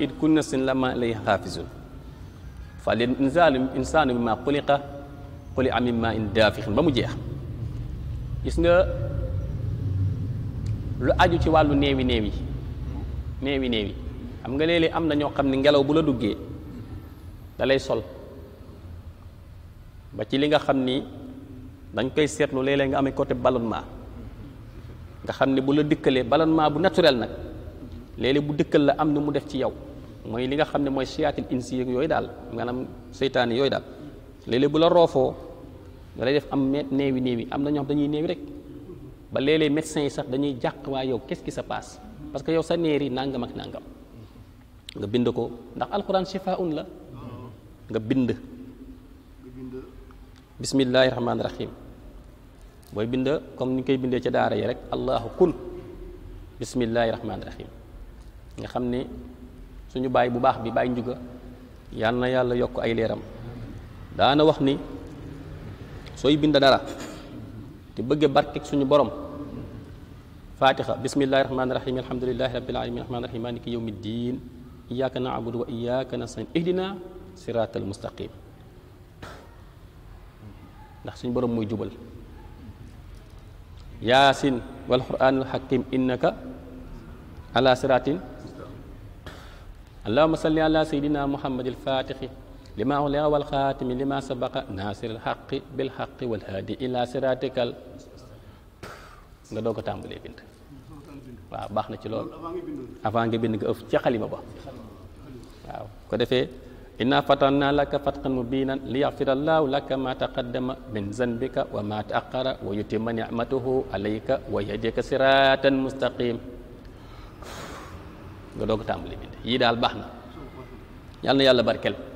id kun nafsin lamma lay xaafisun fal insaanu insaanu bi maa xuliqa xuli am ma in ba mu jeex gis nga lu aju ci wàllu néewi néewi néewi néewi xam nga léeg-léeg am na ñoo xam ne ngelaw bu la duggee da sol ba ci li nga xam ni dañ koy seetlu léeg-léeg nga amee côté ballonnement nga xam ne bu la dëkkalee ballonnement bu naturel nag léeg bu dëkkal la am na mu def ci yow mooy li nga xam ne mooy siyaatil insi yeeg yooyu daal maanaam seytaane yooyu daal léeg-léeg bu la roofoo da lay def am néewi néewi am na ñoo xam dañuy néewi rek ba léeg-léeg yi sax dañuy jàq waa yow qu'est-ce qui se passe parce que yow sa néer yi nangam ak nangam nga bind ko ndax alquran shifaun la nga bind bismillahi rahmaani rahim booy bind comme ni ñu koy bindee ci daara yi rek allahu kun bismillahi rahmaani rahim nga xam ne suñu baay bu baax bi baay njuga yal na yàlla yokk ay leeram daana wax ni sooy bind dara te bëgge barkeg suñu borom fatixa bismillahi rahmaani rahim alhamdulilahi rabbil alamin rahmaani rahim maliki yawmi ddin iyyaka na'budu wa iyyaka nasta'in ihdina siratal mustaqim ndax suñu borom mooy jubal yaasin wal qur'anil hakim innaka ala siratin allahuma salli ala seydina muhammadil faatixi lima uliya wal lima sabaqa naasiril xaqi bil xaqi ila siraatikal nga doog a tàmbalee bind waaw baax na ci loolu avant nga bind nga ëf ca ko defee inna fatanna laka fatxan mubinan li yaxfira laka ma taqaddama min zanbika wa ma taaqara wa alayka wa yadika mustaqim nga doog tàmbali bind yii daal baax na yàlla na yàlla barkel